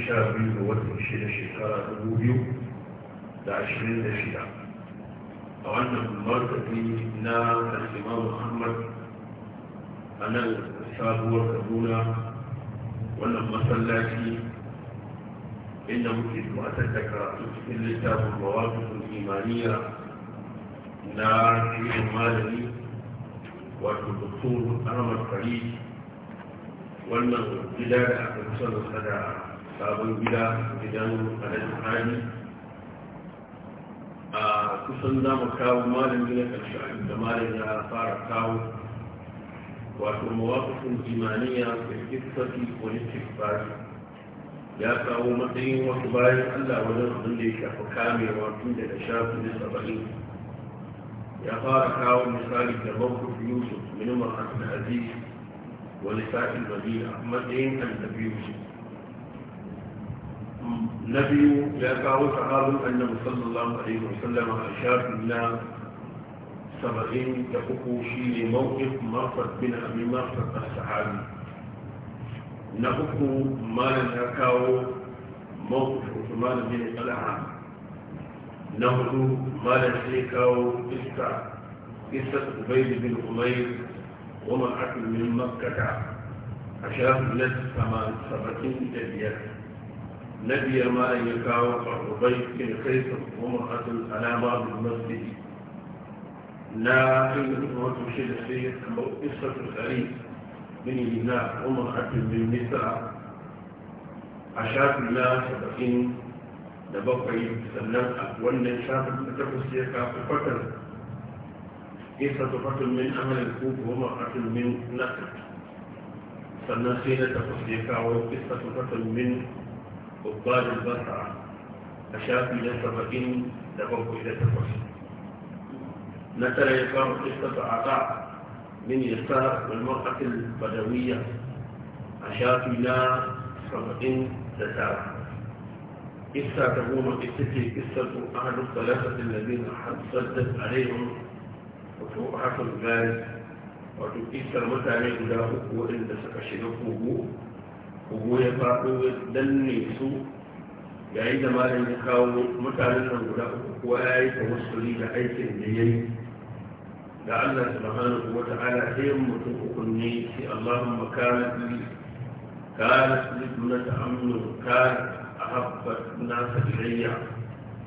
sha biyu ga watan shida shekara dubu biyu da ashirin da shida a wannan markazi na kalima muhammad a nan sabuwar kaduna wannan masallaci inda muke gabatar da karatu cikin littafin mawaƙin imaniya na shirin malami wato doktor ahmad farid wannan gida da aka kusa da sabon gida gidan alhaji a kusan za mu kawo malami na a da malamin ya fara kawo wato mawakafin imaniya da kifafi politik bari ya kawo matsayin wasu bayan allah wajen abin da ya shafi kamewa tun daga shafi na saba'in ya fara kawo misali da mawkuf yusuf minimar abdulaziz wani sa'in madina matsayin annabi yusuf na biyu ya kawo sahabin annabi sallallahu alaihi wasallam a shafin na saba'in da uku shi ne mawqif mafat bin abi mafat as-sahabi na uku malam ya kawo mawqif usman bin talha na hudu malam sai kawo iska قصة عبيد بن أمير ومن أكل من مكة عشان نت ثمان سبعين تبيات نبي ما أن يكاو عبيد كيف ومرأة على بعض المسجد لا يمكن شيء أما قصة الخريف من الناس ومرأة بالنساء أشاك الله سبقين لبقي سلم أولا شاف تتفس يكا فتر قصة فتر من أمل الكوب ومرأة من نسل سنة سيدة تفس يكا فتر من قبال البسعة أشافي لسبقين لهم إلى تفسر مثلا يسار قصة عطاء من يسار والمرأة البدوية أشافي لا سبقين لسار قصة تقوم قصتي قصة أهل الثلاثة الذين حصلت عليهم وتوقعت الغاز وتوقيت سلمت عليهم لا أقوى إن دسك شنوكم kogo ya faɗo ya danne su yayin da malin ya kawo mutanen nan guda uku kuwa ya yi ta tawassuli da aikin da ya yi da Allah subhanahu wa ta'ala sai mutum uku ne sai Allahumma su yi kana li duna ta'ammu a haɓar nasa ilayya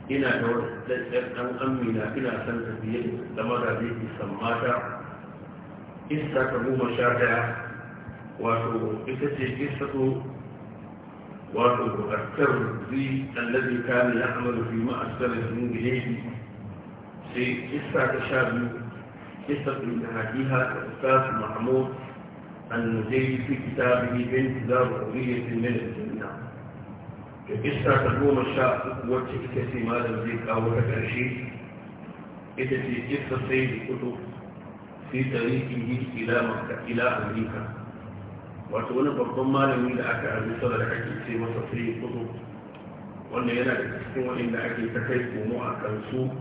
ina da wadda ɗan amina ina san tafiye da mara zai fi sammata Ista ta goma sha daya wato ita ce kisatu wato at-tarzi alladhi kana ya'malu fi ma'asarati min ilayhi sai kissa ta sha biyu kisatu da hadiha da Ustaz Mahmud النجي في كتابه بنت دار حرية من الجنة كقصة تقوم الشاء وتكتسي مال الزكاة وتكرشي إتتي قصة سيد الكتب في طريقه إلى مكة إلى أمريكا wato wani babban malami da aka azuta da ake ce masa sai kudu wanda yana da cikin waɗanda ake ta kai komo a kansu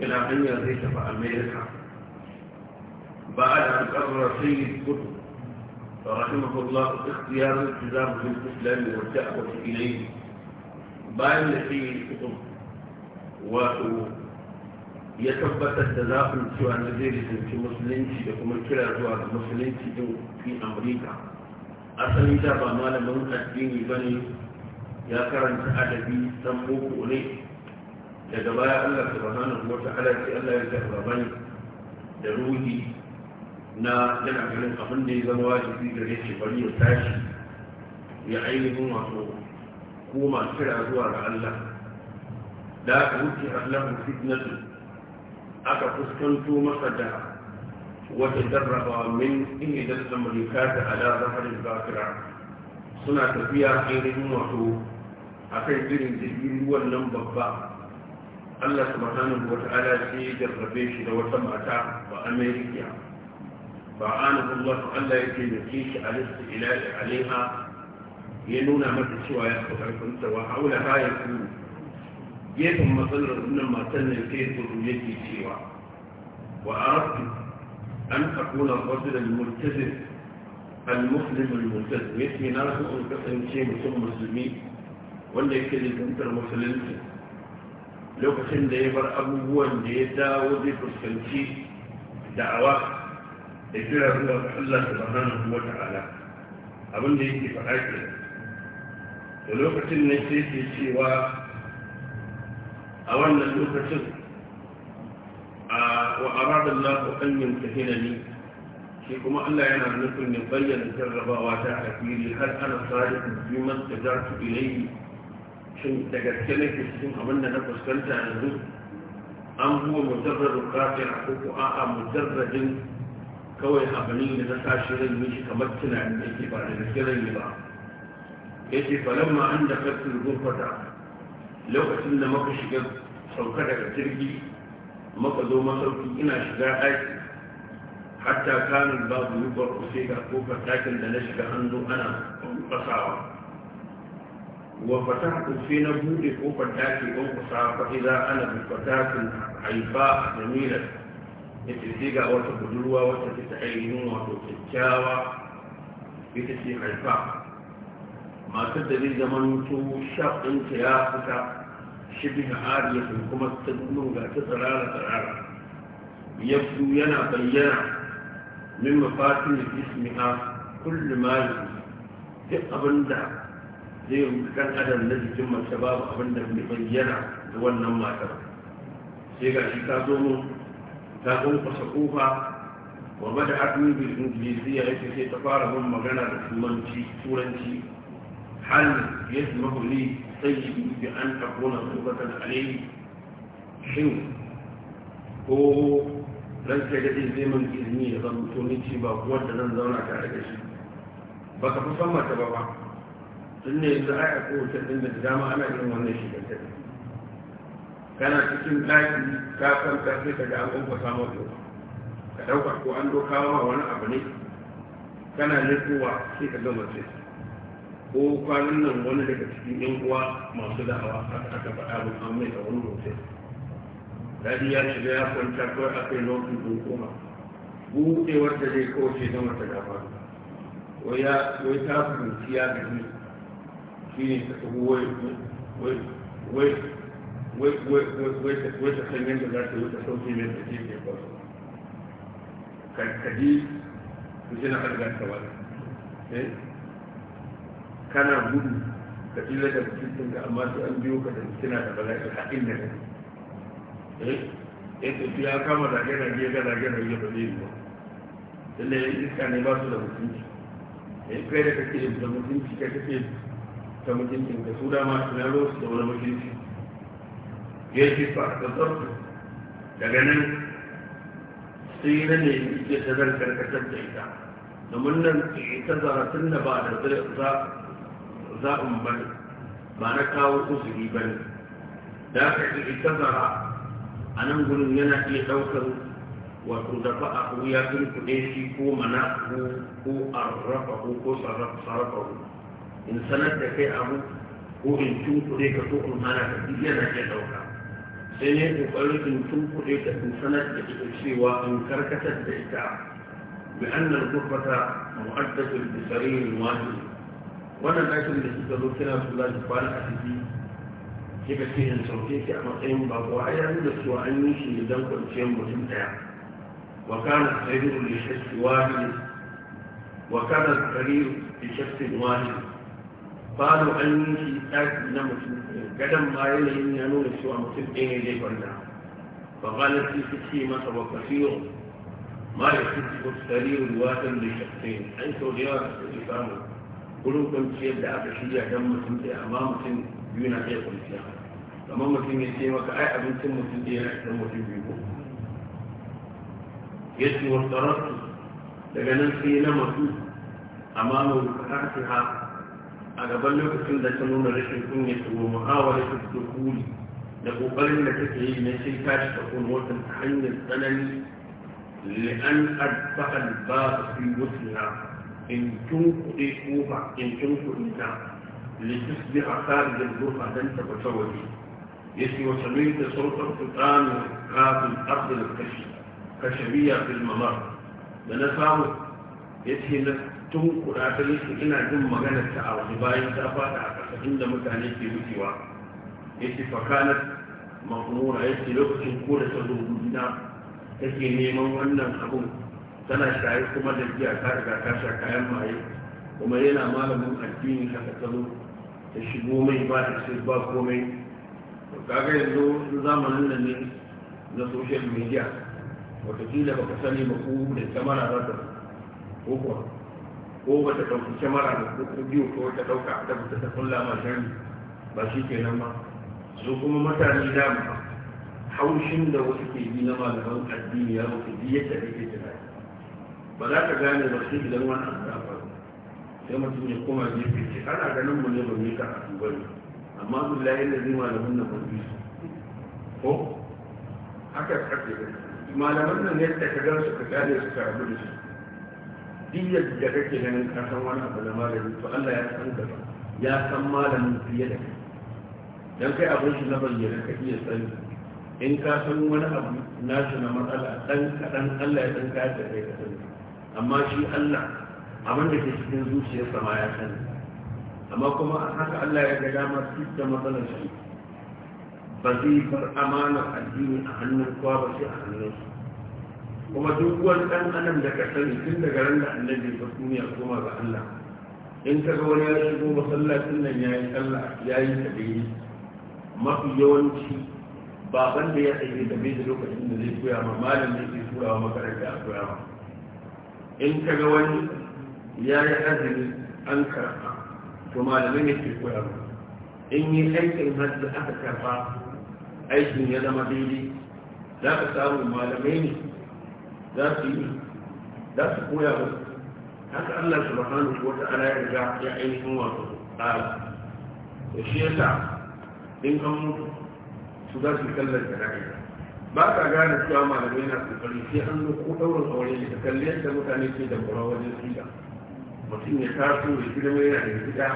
ina hanya zai tafi amerika ba a da alƙarar sai kudu فرحمه الله اختيار التزام بالاسلام والدعوه اليه بعد في الكتب وهو ya tabbatar da zafin cewa na zai rikinci musulunci da kuma kira zuwa ga musulunci din fi Amurika. asali da ba malamin addini ba ne ya karanta adabi san boko ne daga baya allah subhanahu wa ta'ala ce allah ya karba ne da ruhi na yana ganin abin da ya zama wajibi gare shi bari ya tashi ya ainihin wato koma kira zuwa ga allah da aka wuce allah fitnatu aka fuskanto masa da wata jarraba min ihidar amurka ta ala zafarin bakira suna tafiya ainihin wato a kan irin jirgin ruwan nan babba allah subhanahu wa ta'ala sai ya jarrabe shi da wata mata ba amerika ba anahu allah allah ya taimake shi a lissa ila alaiha ya nuna mata cewa ya fi karfinta wa haula ha ya kuru gefen matsalar wannan matan ne sai tsoro yake cewa wa arabtu an akuna rajul al-multazim al-muslim al-multazim yake na so in kasance mutum musulmi wanda yake da musulunci lokacin da ya bar abubuwan da ya dawo zai fuskanci da'awa da kira zuwa ga Allah subhanahu wa ta'ala abin da yake faɗa ke da lokacin ne sai ke cewa a wannan lokacin wa arada Allah an yamtahina ni shi kuma Allah yana nufin ya bayyana jarrabawa ta kafiri har ana sadiqu bi man tajatu ilayhi shin da gaske ke cikin abin da na fuskanta yanzu an huwa mujarradu a ko ko a'a mujarradin kawai abin da na sa zan yi yi kamar tunanin yake ba da gaske ran yi ba yace falamma an da kafir gurfata lokacin da muka shiga sauka daga jirgi muka zo masauki ina shiga ɗaki hatta kanin babu yubar sai ga kofar ɗakin da na shiga hannu ana fasawa wa fata sai na buɗe kofar ɗaki ɗan kusa fa'iza ana bukatakin haifa da milar ita ce ga wata budurwa wata ta ainihin wato kyakkyawa ita ce haifa masu da zai zama mutu shaɗinta ya fita shibin sun kuma nuna ga ta tsirara tsirara yabdu yana bayyana min mafatin a kullu ma duk abinda zai rubuta kan adam na jikin mace babu abinda bai bayyana da wannan matar sai ga shi ta zo mu ta kusa kofa wa bada admin bil ingiliziya yake sai ta fara mun magana da turanci turanci hal yasmahu tsayi bi an takuna tubatan alayhi shin ko ran kai da zai mun izini ya zama to ni ba kuwa da zan zauna tare da shi ba ka fi san mata ba ba tun ne yanzu ai a kowace ɗin da dama ana yin wannan shigar ta kana cikin ɗaki ka san ka sai ka ga an ƙofa samu ka ɗauka ko an dokawa wani abu ne kana lekowa sai ka gama sai ko kwanan nan wani daga cikin yan uwa masu da'awa aka aka faɗa mun an mai da wani hotel dadi ya shiga ya kwanta kawai aka yi lokacin don koma buɗewar da zai kawace na wata dama wai ta fahimci ya ni. shi ne ta tafi wai wai wai ta san yadda za ta yi ta sauke mai da ke ba kadi ku ji na ta wani eh? kana gudu ka tsira da mutum ka amma sai an biyo ka da kina da bala'i haɗin da kai eh eh ya kama da gina gina da gina gina ba zai ba ya yi iska ne ba su da mutunci eh kai da kake da mutunci ka kake ta mutunci ka su dama na ruwa su da wani mutunci ya ce fa ka tsarku daga nan sai na ne ya ta zan karkatar da ita domin nan ita tun da ba da zai za'in ba ne ba na kawo uzuri ba ne da aka ƙi zara a nan gudun yana iya ɗaukar wato da ba a ya kuɗe shi ko mana ko arrafa ko ko sarrafa in sanar da kai abu ko in kuɗe ka ko in hana ka ɗi yana iya ɗauka sai ne ƙoƙarin in kuɗe ka in sanar da ita cewa in karkatar da ita bi annal gurbata mu'addatul bisarin wahid wannan ɗakin da suka zo kira su za ki kwana a ciki kika ce yin sauke ki a matsayin ko a yi da suwa an yi shi ne don kwanciyar mutum ɗaya wa kana tsariru da shakki wahid wa kana tsari da shakki ba falo an yi shi ɗaki na mutum gadon ma yanayin ya nuna cewa mutum ɗaya ne zai kwanta ba ba na su ce masa ba kasiyo ma da su ci tsari da watan da shakki an sau da yawa da su samu wurin kwanciyar da aka shirya don mutum ɗaya amma mutum biyu na iya kwanciya amma mutum ya ce maka ai abincin mutum ɗaya na idan mutum biyu ko ya ce wa tsararsu daga nan sai na mutu amma mai mu karfi ha a gaban lokacin da ta nuna rashin kunya ta wa muhawara ta fito kuli da ƙoƙarin da take yi na shi ta shi ta kuma wata hanyar tsanani li'an adfa'a ba su yi wutuwa in tunkuɗe kofa in tunkuɗe ta bi a tsarin da zuwa don tabbata waje ya ce wa sami da sautar tutanu kafin abdul kashi kashabiya fil mamar da na samu ya ce na tunkuɗa ta yake ina jin magana ta a waje bayan ta fada a ƙasa inda mutane ke wucewa ya ce fakanar mahmura ya ce lokacin ko da ta zo take neman wannan abun tana shaye kuma da biya ta riga ta sha kayan maye kuma yana malamin addini haka ta zo ta shigo mai ba ta ce ba komai to kaga yanzu zamanin nan ne na social media watakila ba ka sani ba ko da kyamara za ta ko kuwa ko ba ta ɗauki kyamara da ko biyu ko ta ɗauka ta ba ta kulla ma shari ba shi kenan ma su kuma mutane dama haushin da wasu ke yi na malaman addini ya wuce yadda ake ba za ka gane ba sai idan wani abu ya faru sai mutum ya koma gefe ce ana ganin mu ne ba mu yi karatu ba ne amma billahi da zai malamin nan ban su ko haka kake malaman nan yadda ka gan su ka gane su ka rabu da su diyar da kake ganin kasan wani abu na malami to Allah ya san gaba ya san malamin fiye da kai dan kai abin shi na bayyana ka iya sani in ka san wani abu shi na matsala dan kaɗan Allah ya san ka da kai ka sani amma shi Allah abin da ke cikin zuciyarsa ma ya sani amma kuma haka Allah ya ga dama da matsalar shi ba zai bar amanar addini a hannun kowa ba sai a hannun su kuma duk wani ɗan adam da ka sani tun daga ran da annabi ta duniya koma ga Allah in ka ga wani ya shigo masallacin nan yayi sallah yayi tabiyi mafi yawanci baban da ya tsaye da bai da lokacin da zai koya ma malam zai yake turawa makaranta a koya ma in ka ga wani ya yi azumi an karɓa to malamai ne ke koya ba in yi aikin hajji aka karɓa aikin ya zama daidai za ka samu malamai ne za su yi za su koya ba haka Allah ko ta ta'ala ya ga ya ainihin wato tsara da shi sa in kan mutu su za su kallar da ra'ayi ba ka gane cewa malamai na kokari sai an zo ko ɗaurin aure ne Da kalle yadda mutane ke da kura wajen shiga. mutum ya taso ya girma yana da gida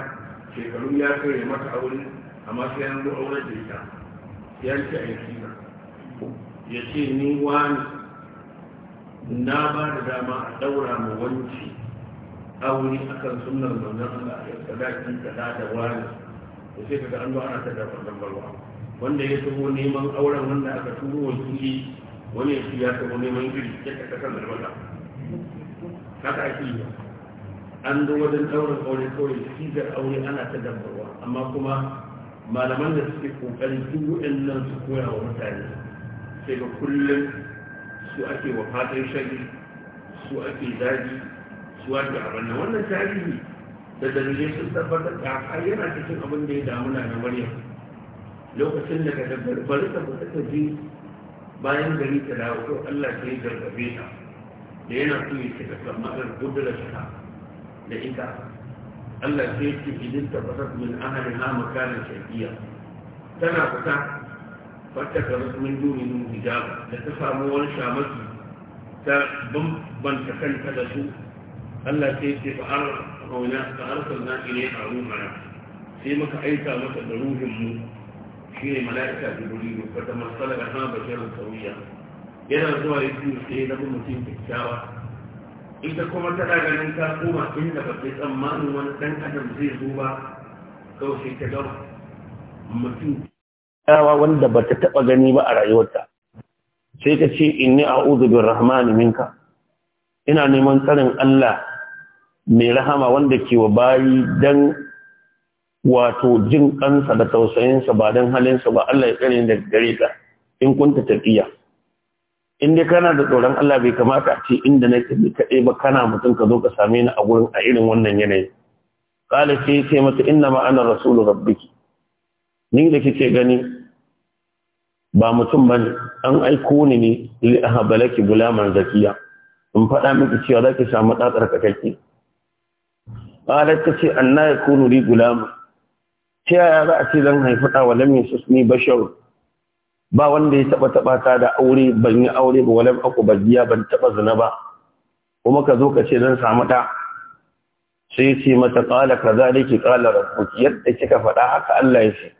shekaru ya kai ya mata aure amma sai an zo aure da ita ya ce a yi shiga. ya ce ni wani na ba da dama a daura ma wanci aure kan sunan manzan Allah ya sadaki kada da wani to sai ga an zo ana ta da balwa wanda ya taho neman auren wanda aka turo wakili wani ya ya taho neman iri ya ta kan albarka. maza haka ake yi an zo wajen ɗaurin aure kawai sigar aure ana ta dabarwa amma kuma malaman da suke kokarin duk nan su koya wa mutane sai ga kullum su ake wa fatan shari su ake daji su ake abin wannan tarihi da dalilai sun tabbatar da yana cikin abin da ya damu na maryam lokacin da ka dabbar bari ka fita ta ji bayan gari ta dawo ko Allah ke yi gargabe ta da yana so ya cika kamar gudunar ta da ita Allah ke yi ciki din ta fasa min ahalin ha makarin shafiya tana fita fata ka rasu min duni nun hijab da ta samu wani shamaki ta bambanta kanta da su Allah ke yi fa'ar kauna fa'ar na ilai a ruhana sai muka aika masa da ruhin mu shi ne mala'ika jibrilu fa ta masala ga hana basharar sauya yana zuwa ya biyu sai na mutum kyakkyawa ita kuma ta ganin ta koma inda ba ta tsammanin wani dan adam zai zo ba kawai sai ta gama mutum kyakkyawa wanda ba ta taɓa gani ba a rayuwarta sai ka ce inni a'udhu birrahmani minka ina neman tsarin Allah mai rahama wanda ke wa bayi dan wato jin kansa da tausayinsa ba don halinsa ba Allah ya tsare daga gare ka in kunta tafiya in dai kana da tsoron Allah bai kamata a ce inda nake bi kaɗai ba kana mutum ka zo ka same ni a gurin a irin wannan yanayi kala sai ce mata inna ma ana rasulu rabbiki ni da kike gani ba mutum bane an aiko ni ne li ahbalaki gulaman zakiya in faɗa miki cewa zaki samu tsatsar kake kala ta ce anna yakunu li gulaman ta yaya za a ce zan haifi ɗa wa lam yasusni bashar ba wanda ya taɓa taɓa ta da aure ban yi aure ba walam aku jiya ban taɓa zina ba kuma ka zo ka ce zan samu ɗa sai ce mata ƙala ka qala ƙala qala rabbuki yadda kika faɗa haka Allah ya ce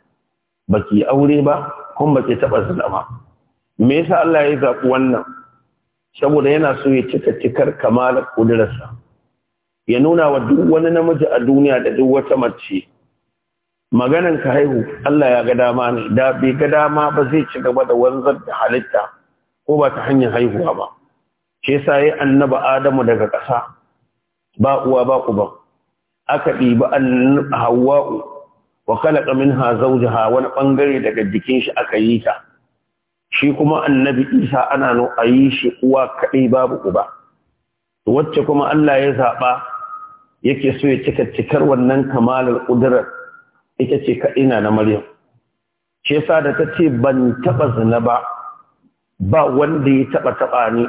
baki aure ba kun baki taɓa zina ba me yasa Allah ya zaɓi wannan saboda yana so ya cika cikar kamalar kudurarsa ya nuna wa duk wani namiji a duniya da duk wata mace maganan ka haihu Allah ya ga dama ne da bai ga dama ba zai ci gaba da wanzar da halitta ko ba ta hanyar haihuwa ba shi yasa yayi annaba Adamu daga ƙasa ba uwa ba uban aka ɗibi hawa wa khalaqa minha zawjaha wani bangare daga jikin shi aka yi ta shi kuma annabi Isa ana no ayi shi uwa kadai babu uba wacce kuma Allah ya zaba yake so ya cika cikar wannan kamalar kudurar ita ce kaɗai na maryam shi yasa da ta ce ban taba zina ba ba wanda ya taba taba ni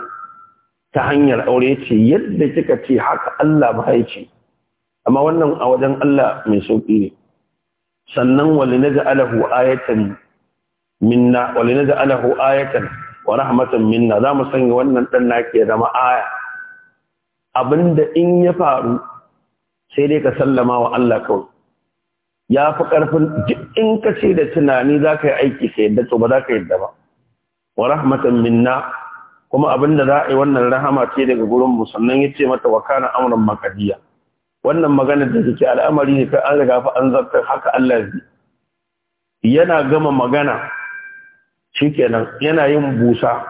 ta hanyar aure ce yadda kika ce haka Allah mahaici amma wannan a wajen Allah mai sauƙi ne sannan wali na ja'alahu ayatan minna wali na ja'alahu ayatan wa rahmatan minna za sanya wannan dan nake ya zama aya abinda in ya faru sai dai ka sallama wa Allah kawai ya fi ƙarfin duk in ka ce da tunani za ka yi aiki ka yadda to ba za ka yadda ba wa rahmatan minna kuma abin da za a yi wannan rahama ce daga gurin mu sannan ya ce mata wa kana amran makadiya wannan magana da take al'amari ne kai an riga fa an zartar haka Allah yana gama magana shikenan yana yin busa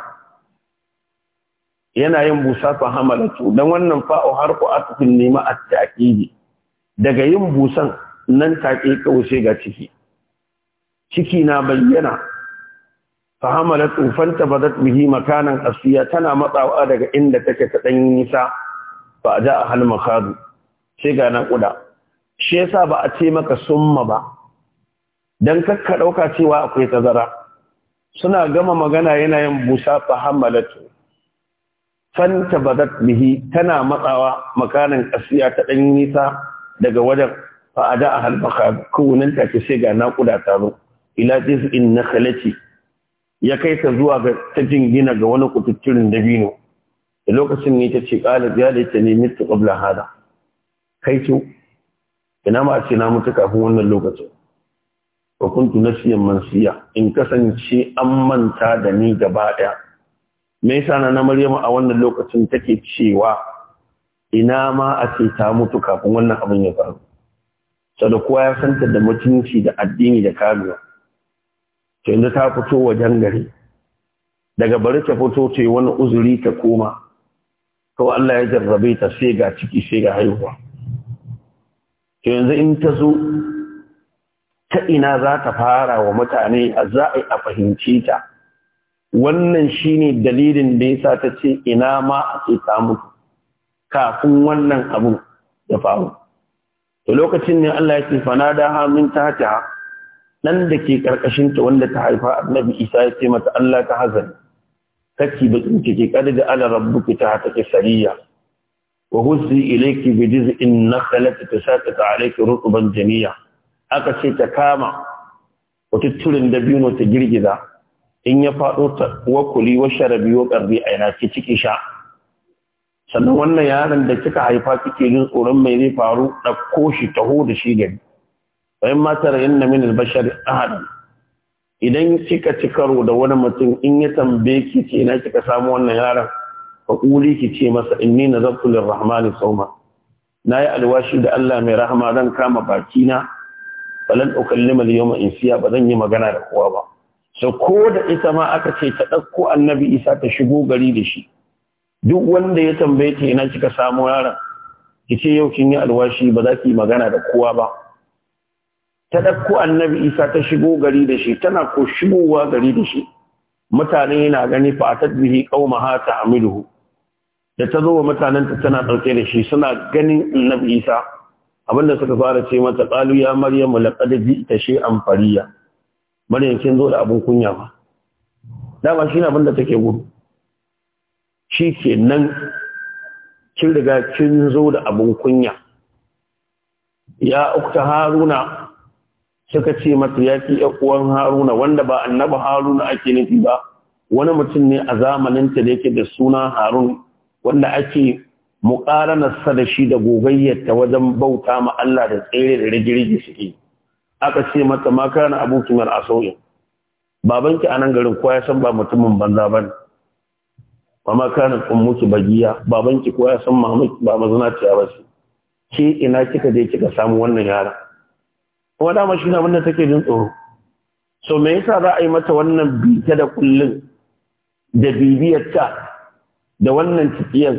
yana yin busa fa hamalatu dan wannan fa'u a atfin nima at-ta'kidi daga yin busan nan take kaushe ga ciki ciki na bayyana fahamala tsufanta ba badat bihi makanan asiya tana matsawa daga inda take ta dan nisa fa ja a halma sai ga nan kuda shi yasa ba a ce maka summa ba dan kakka dauka cewa akwai tazara suna gama magana yana yin busa fahamalatu fanta ba bihi tana matsawa makanan asiya ta dan nisa daga wajen fa ada ahal baka ta take sai ga naƙuda ta zo ila tis'in nakhlati ya kai ta zuwa ga ta jingina ga wani kututturin dabino da lokacin ne ta ce qala ya ta ni ta qabla hada kai ce ina ma ce na mutu kafin wannan lokacin wa kuntu nasiyan mansiya in kasance an manta da ni gaba daya me yasa na maryama a wannan lokacin take cewa ina ma a ce ta mutu kafin wannan abin ya faru sada kowa ya santa da mutunci da addini da kamiya to yanzu ta fito wajen gari daga bari ta fito yi wani uzuri ta koma to Allah ya jarrabe ta sai ga ciki sai ga haihuwa to yanzu in ta zo ta ina za ta fara wa mutane a za a fahimci ta wannan shi ne dalilin da ya sa ta ce ina ma a ce ta kafin wannan abu da faru to lokacin ne Allah ya ce fanada ha min tahta nan da ke karkashin ta wanda ta haifa annabi Isa ya ce mata Allah ta hazan kaki bakin ki kada da ala rabbuki ta ta sariya wa husi ilayki bi jiz'in nakhlati tasaqqa alayki rutban jamia aka ce ta kama wata dabino da ta girgiza in ya faɗo ta wakuli wa sharabi wa ƙarbi a yana ki ciki sha sannan wannan yaron da kika haifa kike jin tsoron mai zai faru ɗauko shi taho da shi gari bayan matar yanna min albashar ahadan idan kika ci karo da wani mutum in ya tambaye ki ce na kika samu wannan yaron ka kuli ki ce masa inni nazartu lirrahmani sawma nayi alwashi da Allah mai rahama zan kama baki na falan ukallima al-yawma insiya ba zan yi magana da kowa ba sai ko da ita ma aka ce ta ɗauko annabi Isa ta shigo gari da shi duk wanda ya tambaye ina kika samu yaran ki ce yau kin yi alwashi ba za ki magana da kowa ba ta ɗauko annabi isa ta shigo gari da shi tana ko shigowa gari da shi mutane na gani fa ta qaumaha ta'miluhu da ta zo wa mutanenta tana ɗauke da shi suna ganin annabi isa abinda suka fara ce mata qalu ya maryamu laqad ji'ta shay'an fariya maryam kin zo da abin kunya ba dama shi ne abinda take gudu shi ke nan kin riga kin zo da abin kunya ya ukta haruna suka ce mata ya 'yar uwan haruna wanda ba annaba haruna ake nufi ba wani mutum ne a zamaninta da yake da suna harun wanda ake muƙaranarsa da shi da gogayyarta wajen bauta ma Allah da tsere da rigirgi suke aka ce mata ma kana a sauyin babanki a nan garin kowa ya san ba mutumin banza bane ba ma kana ummuki bagiya babanki ko ya san mamaki ba mazinaciya ba ce ke ina kika je kika samu wannan yara kuma dama shi na wannan take jin tsoro so me yasa za a yi mata wannan bita da kullun da bibiyar ta da wannan tafiyar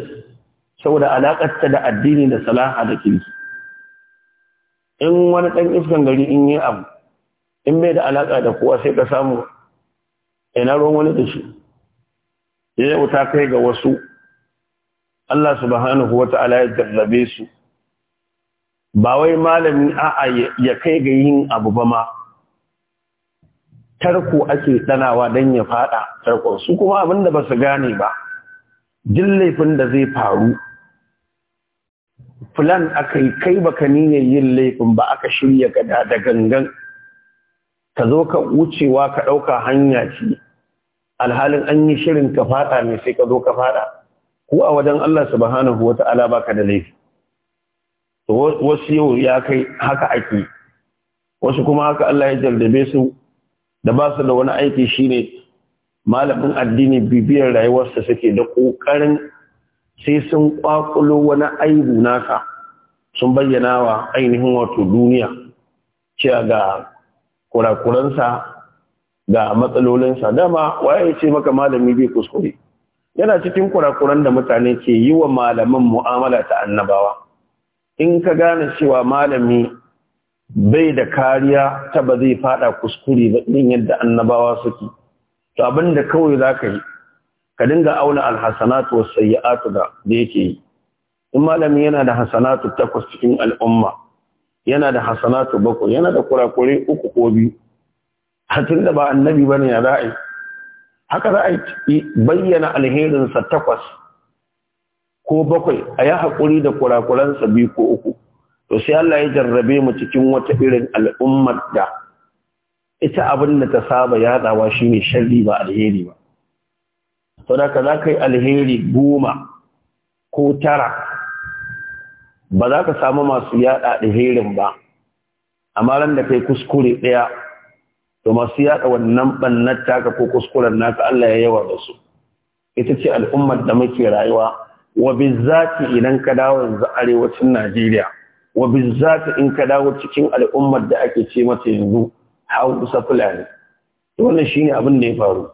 saboda alakar ta da addini da salaha da kirki in wani dan iskan gari in yi abu in bai da alaka da kowa sai ka samu ina ruwan wani da shi yau ta kai ga wasu Allah subhanahu wata'ala ala ya jarrabe su ba wai malami a'a ya kai ga yin abu ba ma tarko ake tsanawa don ya fada tarkon su kuma abinda ba su gane ba jin laifin da zai faru Fulan aka yi kai ka niyyar yin laifin ba aka shirya gada da gangan ka zo ka wucewa ka ɗauka hanya ce alhalin an yi shirin ka fada ne sai ka zo ka fada ko a wajen Allah subhanahu wata'ala ka da laifi to wasu yau ya kai haka ake wasu kuma haka Allah ya jardabe su da ba su da wani aiki shi ne. malamin addini bibiyar rayuwarsa suke da ƙoƙarin sai sun kwakulo wani aibu nasa sun bayyana wa ainihin wato duniya cewa ga kurakuransa da matsalolinsa dama waye ya ce maka malami bai kuskure yana cikin kurakuran da mutane ke yi wa malaman mu'amala ta annabawa in ka gane cewa malami bai da kariya ta ba zai fada kuskure ba din yadda annabawa suke to abin da kawai za ka yi ka dinga auna alhassanatu wasu sayyi'atu da da yake yi in malami yana da hasanatu takwas cikin al'umma yana da hasanatu bakwai yana da kurakure uku ko biyu hatin da ba annabi ba ne ya za haka za a bayyana alherinsa takwas ko bakwai a yi haƙuri da kurakuransa biyu ko uku to sai Allah ya jarrabe mu cikin wata irin al'ummar da ita abin da ta saba yadawa ne sharri ba alheri ba to da ka za ka yi alheri goma ko tara ba za ka samu masu yada alherin ba amma ran da kai kuskure ɗaya to masu yada wannan bannan taka ko kuskuren naka Allah ya yawa da su ita ce al'ummar da muke rayuwa wa bizzati idan ka dawo yanzu arewacin Najeriya wa bizzati in ka dawo cikin al'ummar da ake ce mata yanzu Hausa Fulani to wannan shine abin da ya faru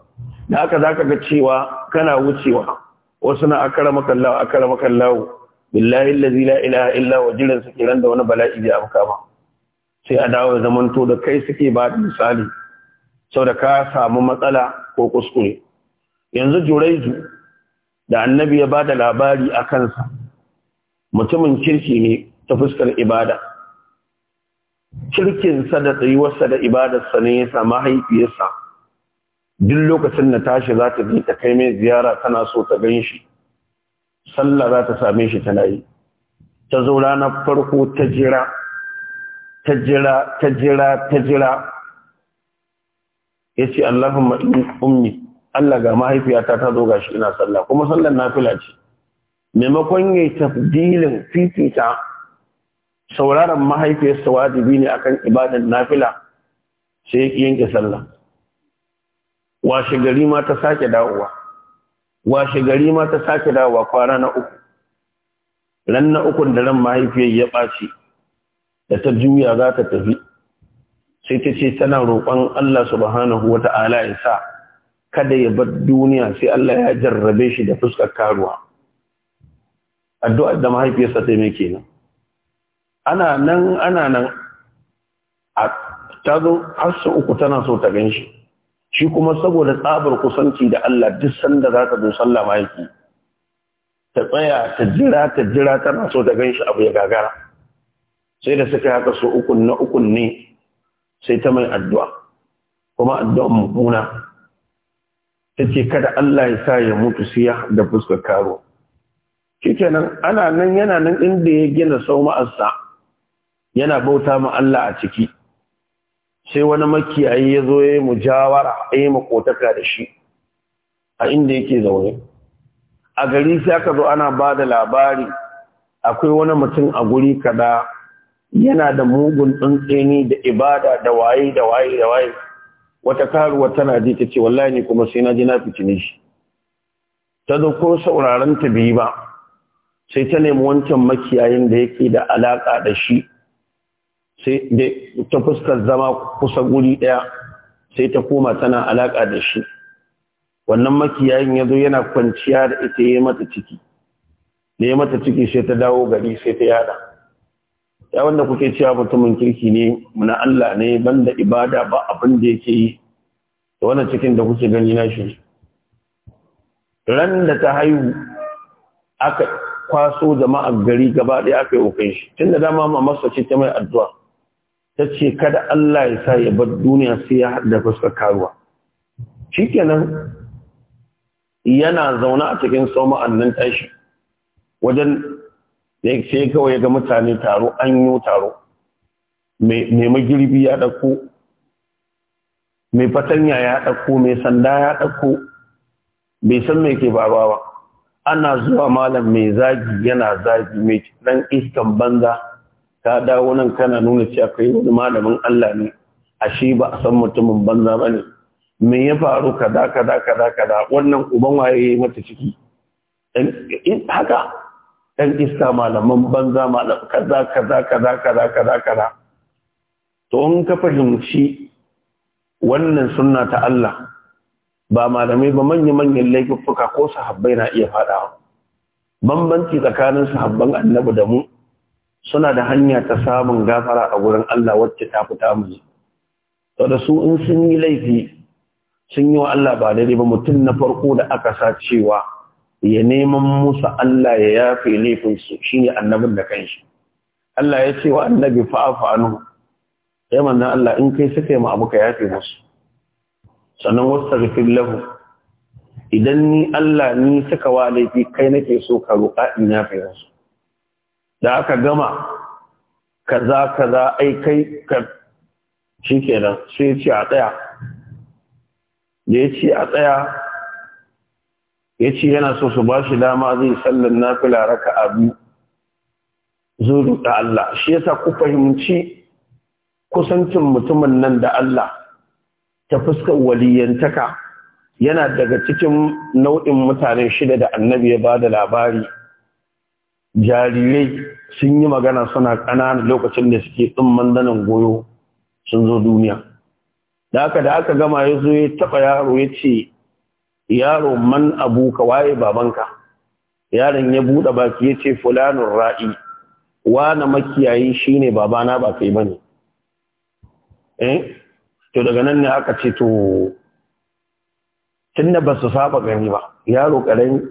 da haka zaka ga cewa kana wucewa wasu na akramaka Allah akramaka Allah billahi allazi la ilaha illa huwa jiran su kiran da wani bala'i ya afka sai a dawo zaman to da kai suke ba misali sau da ka samu matsala ko kuskure yanzu juraizu da annabi ya ba da labari a kansa mutumin kirki ne ta fuskar ibada kirkinsa da tsayuwarsa da ibadarsa ne ya samu haifiyarsa duk lokacin da tashi za ta ta kai mai ziyara tana so ta gan shi sallah za ta same shi tana yi ta zo ranar farko ta jira ta jira ta jira ta jira ya ce Allahumma maɗin ummi Allah ga mahaifiyata ta zo gashi ina sallah kuma sallar nafila ce maimakon ya yayi tafdilin fifita sauraron mahaifiyarsa wajibi ne akan ibadar nafila sai ya yanke sallah washe gari ma ta sake dawowa washe gari ma ta sake dawowa kwana na uku ran na ukun da ran mahaifiyar ya ɓaci da ta juya za ta tafi sai ta ce tana roƙon Allah subhanahu wa ta'ala ya sa kada ya bar duniya sai Allah ya jarrabe shi da fuskar karuwa addu'a da mahaifiyarsa ta mai kenan ana nan ana nan a ta zo har uku tana so ta gan shi shi kuma saboda tsabar kusanci da Allah duk sanda za ta zo sallah mahaifi ta tsaya ta jira ta jira tana so ta gan shi abu ya gagara sai da suka haka so ukun na ukun ne sai ta mai addu'a kuma addu'an mummuna ta ce kada Allah ya sa ya mutu siya da fuskar karo nan, ana nan yana nan inda ya gina sau ma’asa, yana bauta ma Allah a ciki sai wani makiyayi ya zo ya yi mu mujawara a yi makotaka da shi a inda yake zaune a gari sai aka zo ana ba da labari akwai wani mutum a guri kada yana da mugun tsuntsini da ibada da waye da waye da waye wata karuwa tana ji ta ce wallahi ne kuma sai na ji na fitine shi ta zo ko sauraron ta biyu ba sai ta nemi wancan makiyayin da yake da alaka da shi sai ta fuskar zama kusa guri ɗaya sai ta koma tana alaka da shi wannan makiyayin ya zo yana kwanciya da ita ya mata ciki da ya mata ciki sai ta dawo gari sai ta yada ya wanda kuke cewa mutumin kirki ne muna Allah ne banda ibada ba abin da yake yi da wannan cikin da kuke gani na shi ran da ta haihu aka kwaso jama'ar gari gaba ɗaya aka yi okai shi Tunda da dama mamasa ce ta mai addu'a ta ce kada Allah ya sa ya bar duniya sai ya haɗa suka karuwa shikenan yana zaune a cikin sauma annan tashi wajen sai kawai ga mutane taro an yi taro mai magirbi ya ɗauko mai fatanya ya ɗauko mai sanda ya ɗauko bai san mai ke babawa ana zuwa malam mai zagi yana zagi mai ɗan iskan banza ka dawo nan kana nuna cewa kai wani malamin Allah ne ashe ba a san mutumin banza ba ne me ya faru kada kada kada kada wannan uban waye mata ciki haka ɗan iska malaman banza malam kaza kaza kaza kaza kaza kaza to in ka fahimci wannan sunna ta Allah ba malamai ba manya-manyan laifuffuka ko sahabbai na iya faɗawa bambanci tsakanin sahabban annabi da mu suna da hanya ta samun gafara a wurin Allah wacce ta fita mu to da su in sun yi laifi sun yi wa Allah ba daidai ba mutum na farko da aka sa cewa ya neman Musa Allah ya yafe laifinsu shi ne annabin da kanshi Allah ya ce wa annabi fa'afa anu ya manna Allah in kai suka yi ma ka yafe musu sannan wasu rufin lahu idan ni Allah ni suka wa laifi kai nake so ka roƙa in yafe musu da aka gama kaza kaza ai kai ka shikenan sai ce a tsaya da ya ce a tsaya ya ce yana so su ba shi dama zai sallan na nafila raka abu zuru da Allah shi yasa ku fahimci kusancin mutumin nan da Allah ta fuskar waliyantaka yana daga cikin nau'in mutane shida da annabi ya ba da labari jarirai sun yi magana suna ƙananan lokacin da suke ɗin mandanin goyo sun zo duniya da aka da aka gama ya zo ya taɓa yaro ya ce yaro man abuka waye babanka yaron ya bude baki ya ce fulanun ra'i wana makiyayi shine babana ba kai bane eh to daga nan ne aka ce to tunda ba su saba gani ba yaro karami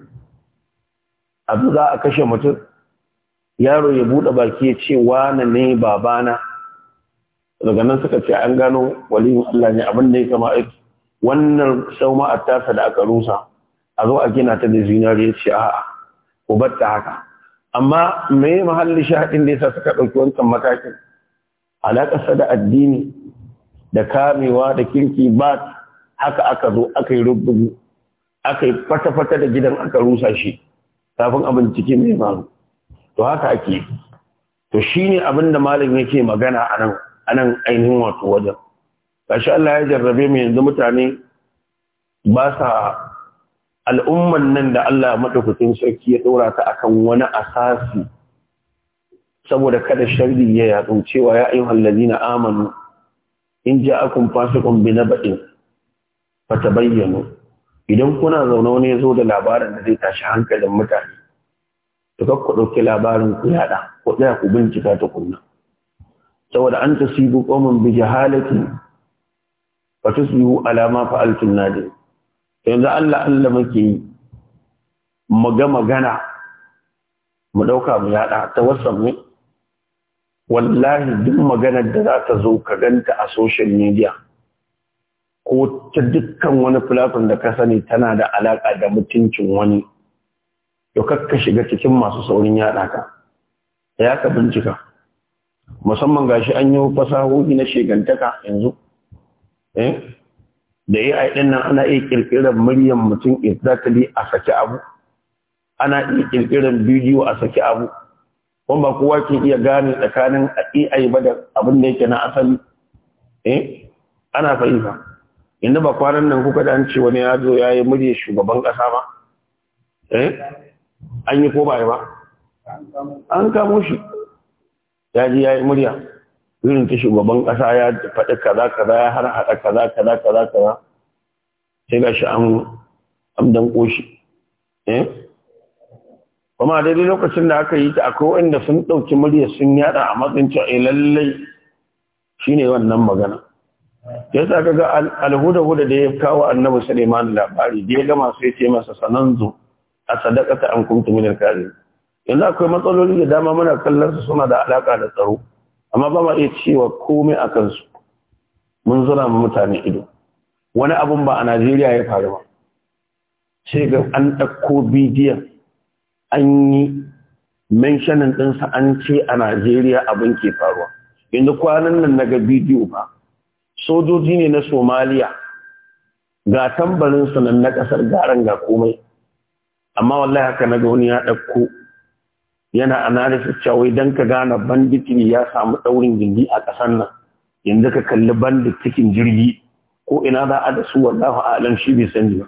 abu za a kashe mutum yaro ya bude baki ya ce wana ne babana daga nan suka ce an gano waliyin Allah ne abin da ya kama aiki wannan sauma'ar tasa da aka rusa a zo a gina ta da zinariya ce a'a ku ta haka amma me mahalli shaɗin da sa suka ɗauki wancan matakin alaƙasa da addini da kamewa da kirki ba haka aka zo aka yi rubutu aka yi fata-fata da gidan aka rusa shi kafin a bincike mai maru to haka ake to shi ne abin da malam yake magana a nan ainihin wato wajen kashi Allah ya jarrabe mu yanzu mutane ba sa al'umman nan da Allah madaukakin sarki ya dora ta akan wani asasi saboda kada sharri ya yadu cewa ya ayyuhal ladina amanu in ja'akum fasiqun ba ta fatabayyanu idan kuna zaune wani ya zo da labarin da zai tashi hankalin mutane to kar ku labarin ku yada ku tsaya ku bincika ta kunna. saboda an tasibu qauman bi jahalati fa tusbihu ala ma fa'altum nadi yanzu Allah Allah muke yi mu ga magana mu dauka mu yada ta wasan ne wallahi duk maganar da za ta zo ka ganta a social media ko ta dukkan wani platform da ka sani tana da alaka da mutuncin wani to kakka shiga cikin masu saurin yada ka ya ka bincika musamman gashi an yi fasahohi na shegantaka yanzu Eh? da AI din nan ana iya ƙirƙirar muryar mutum exactly a saki abu ana iya ƙirƙirar bidiyo a saki abu kuma ba kowa ke iya gane tsakanin AI ba da abin da yake na asali eh ana fahimta inda ba kwanan nan kuka da an ce wani ya zo ya yi murya shugaban ƙasa ba eh an yi ko ba ba an kamo shi ya ji ya yi murya irin ta shugaban kasa ya faɗi kaza kaza ya har haɗa kaza kaza kaza kaza sai ga shi an amdan ƙoshi eh? kuma daidai lokacin da aka yi ta akwai wanda sun ɗauki murya sun yada a matsayin cewa eh, lallai shine wannan magana ya sa kaga alhuda-huda da ya kawo annabi Suleiman labari da ya gama sai ce masa sananzu a sadakata an kuntu min alkari yanzu akwai matsaloli da dama muna kallon su suna da alaka da tsaro amma ba ma iya cewa komai a kansu mun zura ma mutane ido wani abun ba a najeriya ya faru ba sai ga an ɗauko bidiyon an yi mentionin ɗinsa an ce a najeriya abin ke faruwa inda kwanan nan na ga bidiyo ba sojoji ne na somaliya ga tambarin nan na ƙasar garin ga komai amma wallahi haka na ga wani ya ɗauko yana analysis cewa dan ka gane banditiri ya samu daurin gindi a ƙasar nan yanzu ka kalli bandit cikin jirgi ko ina za a da su wallahu a'lam shi bai sani ba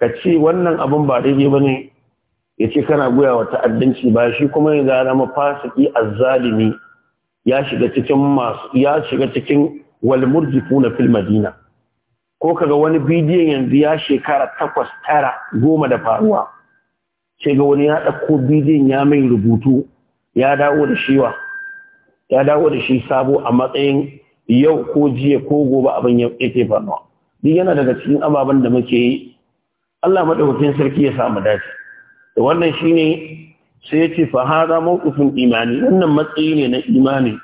ka ce wannan abin ba daidai ba ne ya ce kana goya wa ta'addanci ba shi kuma ya zara fasiki azzalimi ya shiga cikin masu ya shiga cikin wal murjifuna fil madina ko kaga wani bidiyon yanzu ya shekara takwas tara goma da faruwa sai ga wani ya ɗauko bidiyon ya mai rubutu ya dawo da shiwa ya dawo da shi sabo a matsayin yau ko jiya ko gobe abin ke faruwa duk yana daga cikin ababen da muke yi Allah madaukakin sarki ya samu dace da wannan shine sai yace fa hada mawqifin imani wannan matsayi ne na imani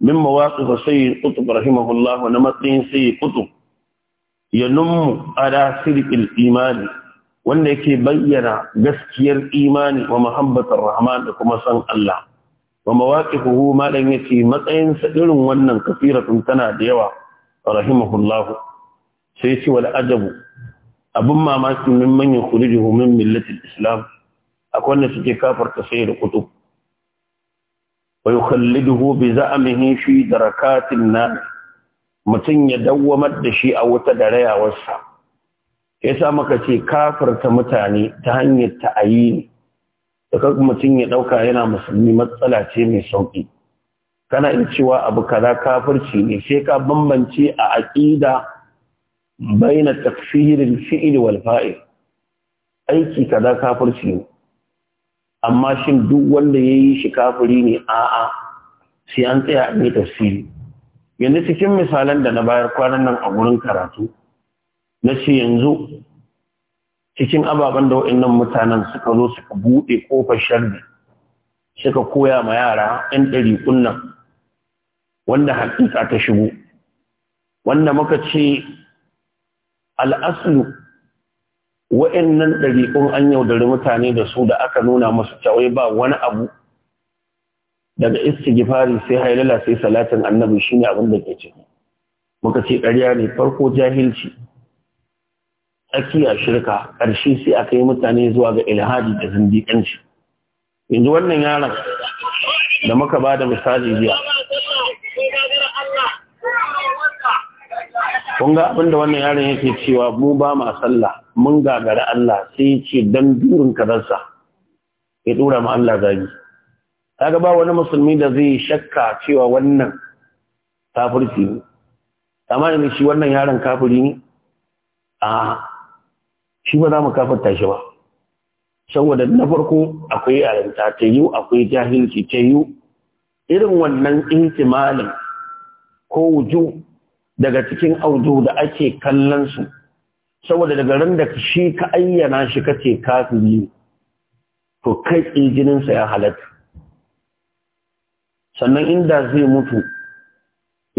min mawaqif sayyid qutb rahimahullah na matsayin sayyid qutb yanum ala sirqil imani wanda yake bayyana gaskiyar imani wa muhabbatar rahman da kuma san Allah wa mawaqifuhu ma dan yace matsayin sa irin wannan kafiratun tana da yawa rahimahullahu sai shi wal ajabu abun mamaki min man yukhrijuhu min millati islam akwai wanda suke kafarta sai da kutub wa yukhalliduhu bi za'mihi fi darakatin nar mutun ya dawwamar da shi a wata darayawarsa ya sa maka ce kafarta mutane ta hanyar ne? da kan mutum ya ɗauka yana musulmi matsala ce mai sauƙi kana iya cewa abu kaza kafirci ne sai ka bambance a aƙida baina takfirin fi'il wal fa'il aiki kaza kafirci ne amma shin duk wanda yayi shi kafiri ne a'a sai an tsaya a yi tafsiri yanzu cikin misalan da na bayar kwanan nan a wurin karatu na ce yanzu cikin ababen da waɗannan mutanen suka zo suka buɗe ƙofar sharri suka koya ma yara 'yan ɗari kunnan wanda haƙiƙa ta shigo wanda muka ce al'aslu wa'annan ɗariƙun an yaudari mutane da su da aka nuna masu cawai ba wani abu daga gifari sai hailala sai salatin annabi shine abin da ke ciki muka ce ƙarya ne farko jahilci tsakiya shirka ƙarshe sai aka yi mutane zuwa ga ilhadi da zindiƙanci yanzu wannan yaron da muka ba da misali jiya kun ga abinda wannan yaron yake cewa mu ba ma sallah mun gagara Allah sai ce dan durin kadarsa ya ɗora ma Allah zagi kaga ba wani musulmi da zai shakka cewa wannan kafirci ne amma shi wannan yaron kafiri ne a shi ba za mu kafarta shi ba saboda na farko akwai yaranta ta yi akwai jahilci ta yi irin wannan intimalin ko wuju daga cikin audu da ake kallon su saboda daga ran da shi ka ayyana shi kace kafin to kai jinin ya halatta sannan inda zai mutu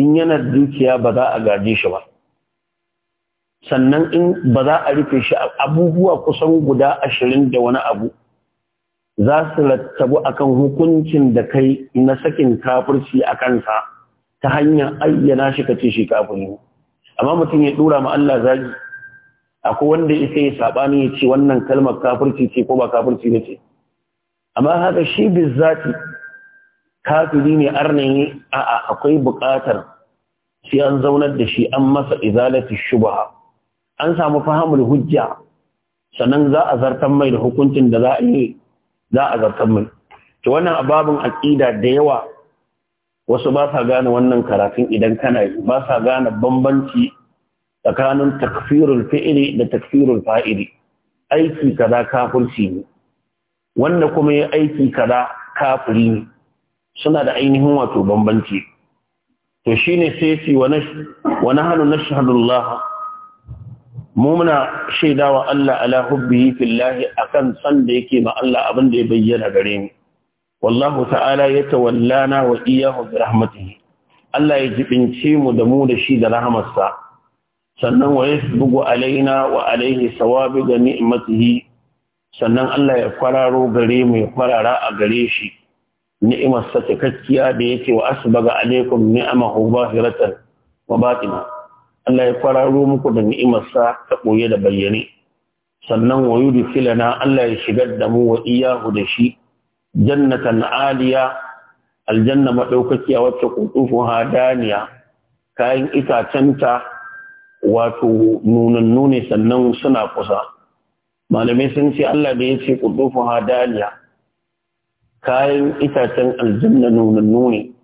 in yana dukiya ba za a gaje shi ba sannan in ba za a rufe shi abubuwa kusan guda ashirin da wani abu za su rattabu akan hukuncin da kai na sakin kafirci a kansa ta hanyar ayyana shi kace shi kafiri amma mutum ya dura ma Allah zagi akwai wanda isa ya sabani ya ce wannan kalmar kafirci ce ko ba kafirci ne ce amma haka shi bizzati kafiri ne arne a'a akwai bukatar sai an zaunar da shi an masa izalati shubha an samu fahimul hujja sannan za a zartar mai da hukuncin da za a yi za a zartar mai to wannan ababin aqida da yawa wasu ba sa gane wannan karatun idan kana yi ba sa gane bambanci tsakanin takfirul fi'ili da takfirul fa'ili aiki kaza kafirci ne wanda kuma ya aiki kaza kafiri ne suna da ainihin wato bambanci to shine sai ce wa nahnu nashhadu Allah mu muna shaidawa Allah ala hubbihi fillahi akan san da yake ma Allah abin da ya bayyana gare mu wallahu ta'ala ya tawallana wa iyyahu bi rahmatihi Allah ya jibince mu da mu da shi da rahmarsa sannan wa yasbugu alaina wa alaihi sawabi da ni'matihi sannan Allah ya kwararo gare mu ya kwarara a gare shi ni'imar sa cikakkiya da yake wa asbaga alaikum ni'amahu zahiratan wa batina Allah ya kwararo muku da ni'imarsa ta ɓoye da bayyane sannan wa filana Allah ya shigar da mu wa iyahu da shi jannatan aliya aljanna madaukakiya wacce kutufuha daniya kayan itacenta wato nunan nune sannan suna kusa malamai sun ce Allah da ya ce kutufuha daniya kayan itacen aljanna nunan ne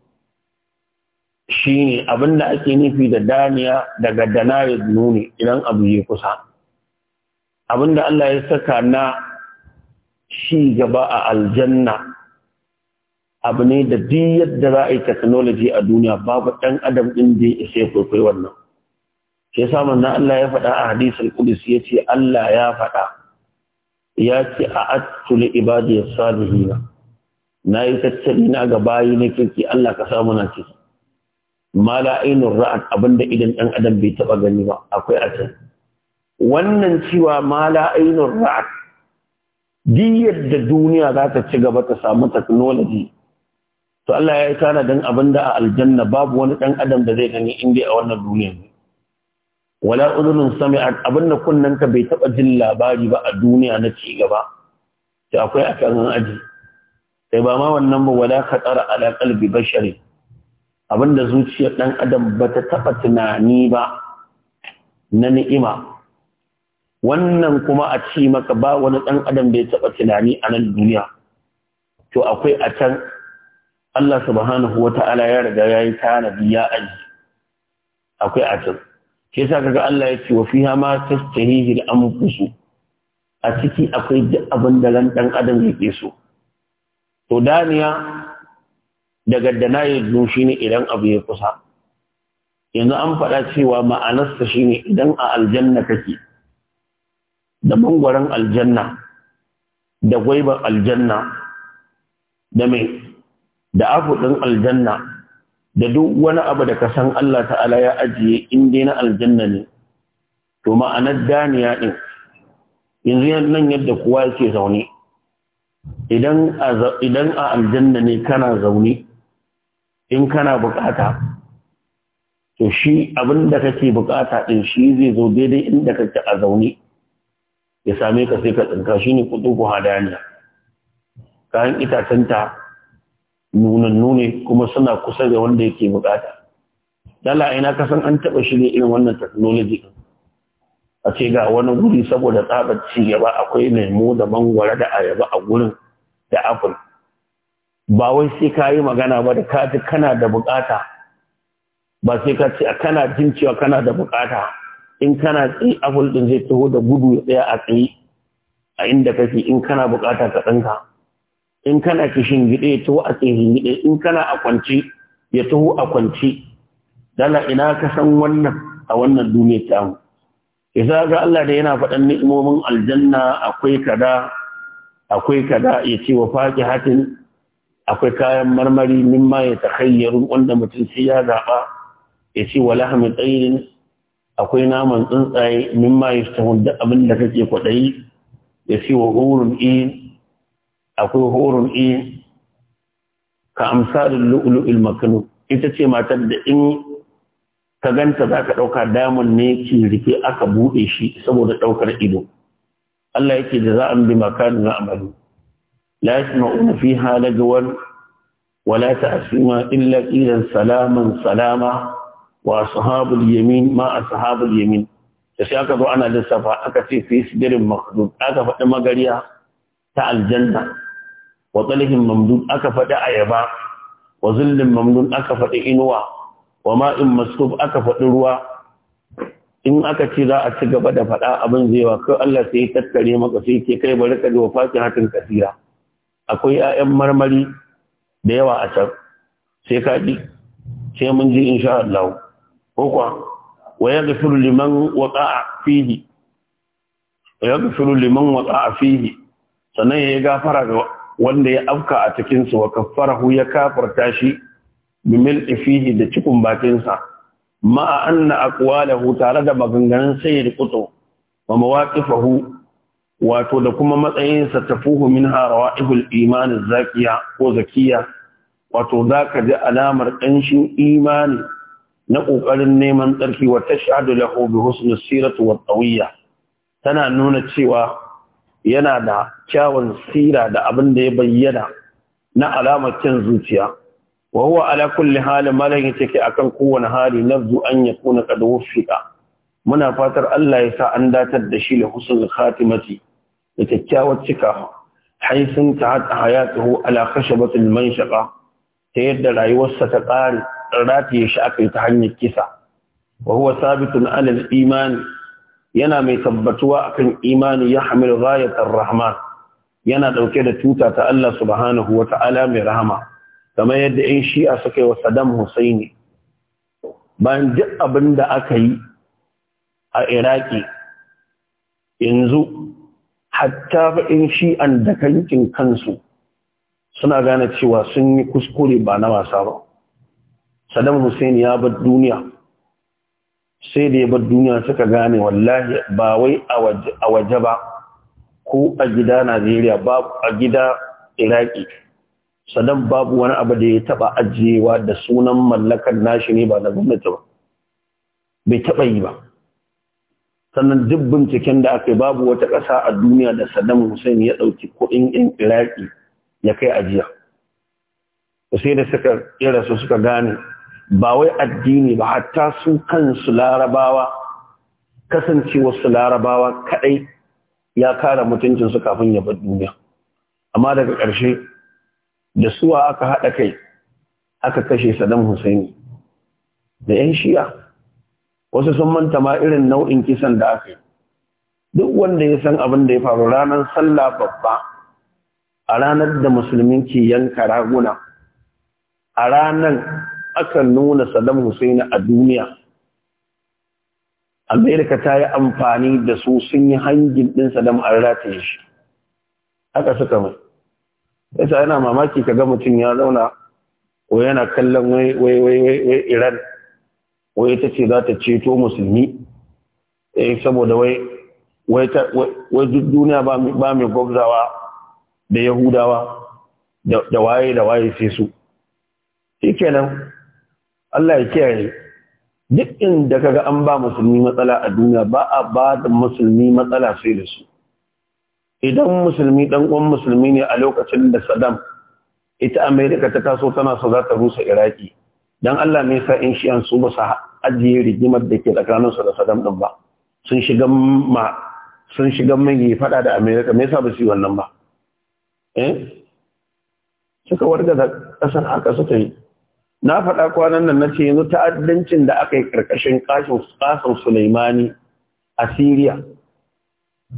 shine da ake nufi da daniya daga danayar nuni idan abu ya kusa da Allah ya saka na shi gaba a aljanna abu ne da diyar da za a yi technology a duniya babu ɗan adam ɗin da ya isa kwaikwai wannan Ke samun na Allah ya faɗa a hadisul ya yace Allah ya faɗa ya ce a atule ibadiyar salihina na yi tattali na ga bayi na kirki Allah ka samu na ciki ma la ainun abinda idan ɗan adam bai taɓa gani ba akwai a can wannan cewa ma la ainun ra'at da duniya za ta ci gaba ta samu technology to Allah ya yi tana dan abinda a aljanna babu wani ɗan adam da zai gani inda a wannan duniya wala uzurin sami'at abinda kunnanta bai taba jin labari ba a duniya na ci gaba to akwai a kan aji sai ba ma wannan ba wala khatara ala qalbi bashari abinda zuciyar ɗan adam ba ta taɓa tunani ba na ni'ima wannan kuma a ci maka ba wani ɗan adam bai ya taɓa tunani a nan duniya to akwai a can Allah subhanahu wa ta'ala ya riga ya yi tanadi ya aji akwai a can ke sa kaga Allah ya ce wa fiha ma tastahihi al-anfusu a ciki akwai duk abin da ran dan adam yake so to daniya daga da na yi zu shi ne idan abu ya kusa yanzu an faɗa cewa ma'anarsa shi ne idan a aljanna kake da mangwaren aljanna da gwaibar aljanna da mai da afuɗin aljanna da duk wani abu da ka san Allah ta'ala ya ajiye in dai na aljanna ne to ma'anar daniya ɗin yanzu nan yadda kowa yake zaune idan a aljanna ne kana zaune in kana bukata to shi abin da kake bukata din shi zai zo daidai inda kake a zaune ya same ka sai ka tsinka shi ne ko hadaniya kayan ta nunannu ne kuma suna kusa da wanda yake bukata dala ina ka san an taba shirya irin wannan technology a ce ga wani guri saboda tsabar ci gaba akwai lemo da mangwara da ayaba a gurin da apple ba wai sai ka yi magana ba da ka ji kana da bukata ba sai ka ce kana jin cewa kana da bukata in kana tsaye a hulɗin zai taho da gudu ya tsaya a tsaye a inda kake in kana bukata ka ɗanka in kana kishin gide ya taho a tsaye gide in kana a kwance ya taho a kwance dala ina ka san wannan a wannan duniyar ya sa ga Allah da yana faɗan ni'imomin aljanna akwai kada akwai kada ya ce wa faqihatin akwai kayan marmari mimma ya takhayyaru wanda mutum sai ya zaba ya ce wa lahamin tsairin akwai naman tsuntsaye mimma ya ta da abin da kake kwaɗayi. ya ce wa hurun in akwai hurun i. ka amsalul lu'lu'il maknun ita ce matar da in ka ganta za ka ɗauka diamond ne ke rike aka buɗe shi saboda ɗaukar ido. Allah yake da za a bi makarin na amalu. لا يسمعون فيها لجوا ولا تأثما إلا قيلا سلاما سلاما وأصحاب اليمين ما أصحاب اليمين تشاكد أنا لسفا أكتي في سدر مخدود أكفت مقريا تاع الجنة وطله ممدود أكفت أيبا وظل ممدود أكفت إنوا وماء مسكوب أكفت روا in aka ci za a ci gaba da faɗa abin zai wa kai Allah sai ya tattare maka sai ke kai bari ka ji wa fatin hatin kasira akwai 'ya'yan marmari da yawa a can sai kaɗi sai mun ji insha Allah ko wa ya gafiru liman waƙa'a fihi wa ya liman fihi sannan ya yi gafara ga wanda ya afka a cikinsu wa kaffarahu ya kafarta shi bimil ifihi da cikin bakinsa ma'a anna aqwalahu tare da maganganun sayyid qutb wa mawaqifahu wato da kuma matsayinsa tafuhu min harawa ihul imanin zakiya ko zakiya wato za ka ji alamar ƙanshin imani na ƙoƙarin neman tsarki wa tashhadu lahu bi husnul siratu wa tawiyya tana nuna cewa yana da kyawun sira da abin da ya bayyana na alamar kyan zuciya wa huwa ala kulli hali malayin take akan kowane hali nafzu an kuna qad wufiqa muna fatar Allah ya sa an datar da shi da husnul khatimati da kyakkyawar cika haisun ta hata hayatuhu ala khashabatil shaka. ta yadda rayuwarsa ta ƙare rataye shi aka yi ta hanyar kisa wa huwa sabitun alal imani yana mai tabbatuwa akan imani ya hamil ghayatar rahma yana ɗauke da tuta ta Allah subhanahu wa ta'ala mai rahama kamar yadda 'yan shi'a suka yi wa Saddam Hussein bayan duk abin da aka yi a Iraki yanzu hatta in shi an da kankin kansu suna gane cewa sun yi kuskure ba na wasa ba Saddam Hussein ya bar duniya sai da ya bar duniya suka gane wallahi ba wai a waje ba ko a gida Najeriya babu a gida Iraki Saddam babu wani abu da ya taba ajiyewa da sunan mallakar nashi ne ba na gwamnati ba bai taba yi ba sannan duk binciken da aka yi babu wata ƙasa a duniya da Saddam Hussein ya ɗauki kuɗin ‘yan Iraki ya kai ajiya. Sai da suka ƙira su suka gane, ba wai addini ba hatta su kansu larabawa, su larabawa kaɗai ya kara su kafin ya bar duniya. Amma daga ƙarshe, da suwa aka haɗa kai, aka kashe Saddam Hussein da ‘yan shi'a. wasu sun manta ma irin nau'in kisan da aka yi duk wanda ya san abin da ya faru ranar sallah babba a ranar da musulmin ke yanka raguna a ranar aka nuna Saddam Hussein a duniya Amerika ta yi amfani da su sun yi hangin ɗin Saddam a rataye shi haka suka mai yasa yana mamaki ka ga mutum ya zauna ko yana kallon wai wai wai wai Iran wai ita ce za ta ceto musulmi eh saboda wai wai duk duniya ba mai gwabzawa da yahudawa da waye da waye sai su shi kenan Allah ya kiyaye duk inda kaga an ba musulmi matsala a duniya ba a ba da musulmi matsala sai da su idan musulmi dan uwan musulmi ne a lokacin da Saddam ita Amerika ta taso tana so za ta rusa Iraki dan Allah me sa in shi an su ba sa ajiye rigimar da ke tsakanin su da Saddam din ba sun shiga ma sun shiga mai fada da America me sa ba su wannan ba eh suka warga da kasar aka suka yi na faɗa kwanan nan nace yanzu ta'addancin da aka yi karkashin kashin kasan Sulaimani a Syria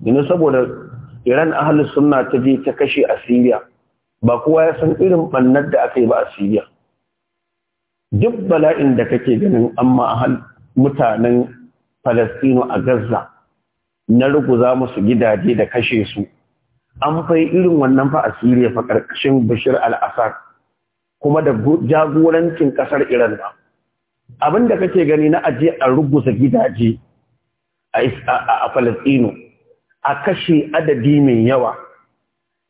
yanzu saboda Iran ahlus sunna ta je ta kashe a Syria ba kowa ya san irin bannar da aka yi ba a Syria duk bala'in da kake ganin amma a mutanen Falastinu a Gaza na ruguza musu gidaje da kashe su an fai irin wannan fa asiriya fa karkashin Bashir al-Assad kuma da jagorancin ƙasar Iran ba abin da kake gani na aje a ruguza gidaje a Falastinu a kashe adadi mai yawa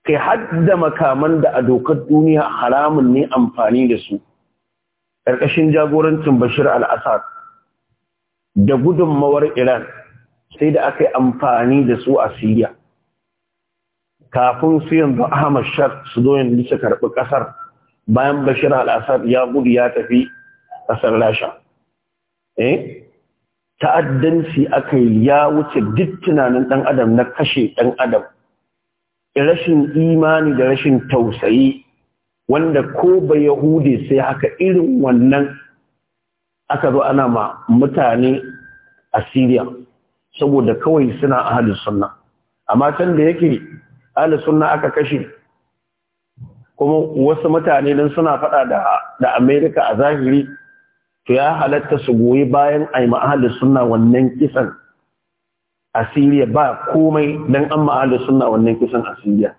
kai hadda makaman da a dokar duniya haramun ne amfani da su ƙarƙashin jagorancin Bashir al-Assad da gudunmawar Iran sai da aka yi amfani da su a Siriya. Kafin su yanzu Ahmad Shah su zo yanzu su karɓi ƙasar bayan Bashir al-Assad ya gudu ya tafi ƙasar Rasha. Eh? Ta'addanci aka yi ya wuce duk tunanin ɗan adam na kashe ɗan adam. Rashin imani da rashin tausayi wanda ko ba Yahudi sai haka irin wannan aka zo ana ma mutane a Syria saboda kawai suna ahli sunna amma can da yake ahli sunna aka kashe kuma wasu mutane din suna fada da da America a zahiri to ya halatta su goyi bayan ai ma ahli sunna wannan kisan asiriya ba komai dan an ahli sunna wannan kisan asiriya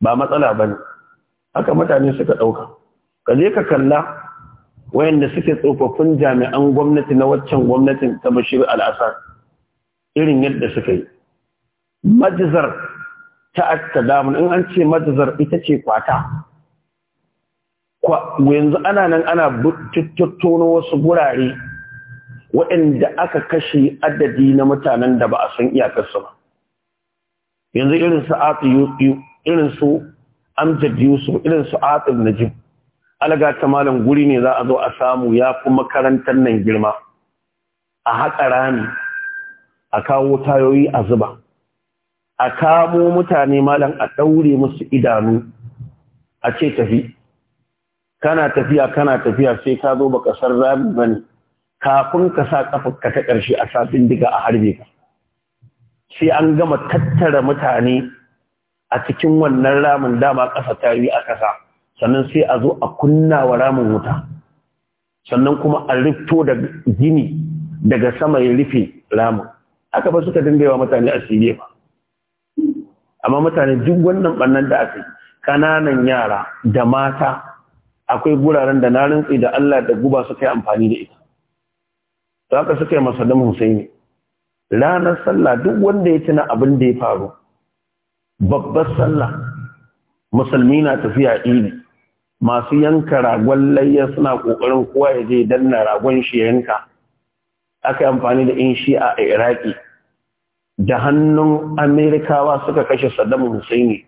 ba matsala bane haka mutane suka ɗauka ka je ka kalla wayanda suke tsofaffin jami'an gwamnati na waccan gwamnatin ta bashir al'asar irin yadda suka yi majizar ta damun in an ce majizar ita ce kwata yanzu ana nan ana tattono wasu gurare waɗanda aka kashe adadi na mutanen da ba a san iyakarsu ba yanzu irin su irin su amjad yusuf irin su atin najib alaga ta malam guri ne za a zo a samu ya fi makarantar nan girma a haƙa rami a kawo tayoyi a zuba a kamo mutane malam a ɗaure musu idanu a ce tafi kana tafiya kana tafiya sai ka zo ba kasar rami ba ne kafin ka sa ka ta ƙarshe a sa bindiga a harbe ka sai an gama tattara mutane a cikin wannan ramin dama ƙasa ta yi a ƙasa sannan sai a zo a kunna wa ramin wuta sannan kuma a rufto da gini daga sama ya rufe ramin aka ba suka dinga yawa mutane a siriya ba amma mutane duk wannan ɓannan da aka ƙananan yara da mata akwai guraren da na rintsi da Allah da guba suka yi amfani da ita za ka suka yi masadam Husaini ranar sallah duk wanda ya tuna abin da ya faru babbar sallah musulmi na tafiya idi masu yanka ragon layya suna ƙoƙarin kowa ya je danna ragon shi yanka aka yi amfani da in shi'a a iraki da hannun amerikawa suka kashe saddam husaini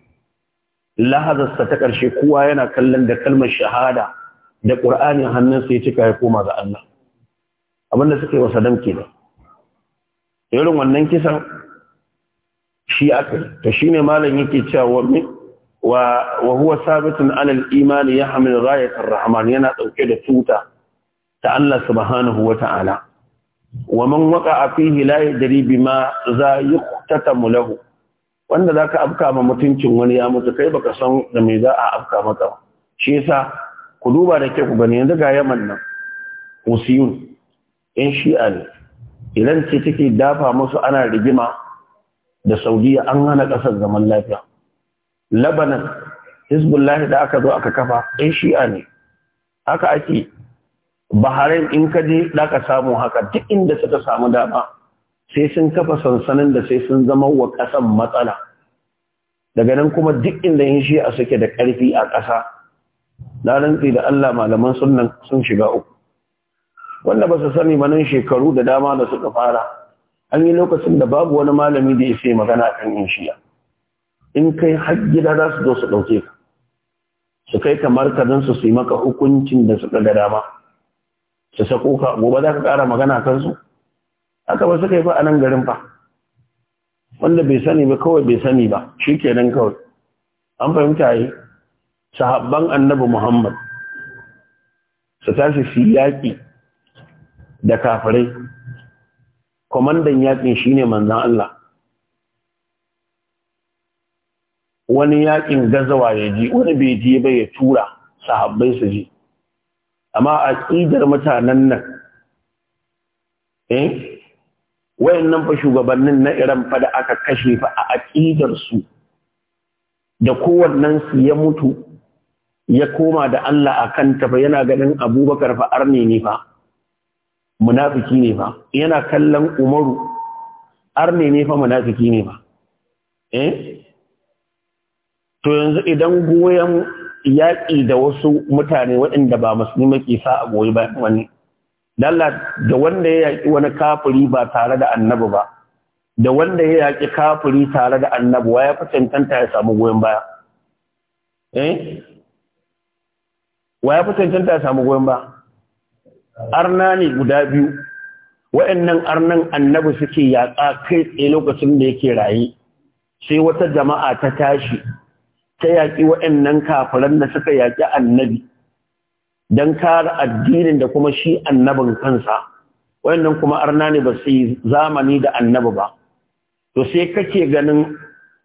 lahazarsa ta ƙarshe kowa yana kallon da kalmar shahada da ƙur'anin hannunsu ya cika ya koma ga allah abinda suka wa saddam kenan irin wannan kisan shi aka shi shine malam yake cewa wa wa huwa sabitun ala al-iman hamil ghayat ar-rahman yana dauke da tuta ta Allah subhanahu wa ta'ala wa man waqa'a fihi la yadri bima za yuqtatamu lahu wanda zaka afka ma mutuncin wani ya mutu kai baka san da me za a afka maka shi yasa ku duba da ke ku gani yanzu ga Yaman nan Usiyun in shi'a ne idan ce take dafa musu ana rigima da saudiya an hana ƙasar zaman lafiya labanan hezbollah da aka zo aka kafa ɗan shi'a ne haka ake bahrain in ka je ka samu haka duk inda suka samu dama sai sun kafa sansanin da sai sun zama wa ƙasan matsala daga nan kuma duk inda yin shi'a suke da ƙarfi a ƙasa na rantsi da allah malaman sunan sun shiga uku wanda ba su sani nan shekaru da dama da suka fara an yi lokacin da babu wani malami da ya sai magana a kan inshiya in kai har gida za su zo su ɗauke ka su kai kamar kadan su yi maka hukuncin da suka ga dama su sako ka gobe za ka ƙara magana kan su haka ba suka yi ba a nan garin ba. wanda bai sani ba kawai bai sani ba shi ke nan kawai an fahimta yi sahabban annabi muhammad su tashi su yaƙi da kafirai kwamandan yakin shine manzan Allah wani yakin gazawa ya ji wani bai ji ba ya tura sahabbai su ji amma a ƙidar mutanen nan eh wayannan fa shugabannin na Iran fa aka kashe fa a aƙidar su da kowannan su ya mutu ya koma da Allah a ta fa yana ganin Abubakar fa ne ne fa munafiki ne ba yana kallon umaru arne ne fa munafiki ne ba eh to yanzu idan goyon yaƙi da wasu mutane waɗanda ba musulmi ke sa a goyi bayan wani dalla da wanda ya yaƙi wani kafiri ba tare da annabi ba da wanda ya yaƙi kafiri tare da annabi wa ya fi cancanta ya samu goyon baya eh wa ya fi cancanta ya samu goyon baya arna ne guda biyu wa'annan arnan annabi suke yaƙa kai tsaye lokacin da yake raye sai wata jama'a ta tashi ta yaƙi wa'annan kafiran da suka yaƙi annabi don kare addinin da kuma shi annabin kansa wa'annan kuma arna ne ba su yi zamani da annabi ba to sai kake ganin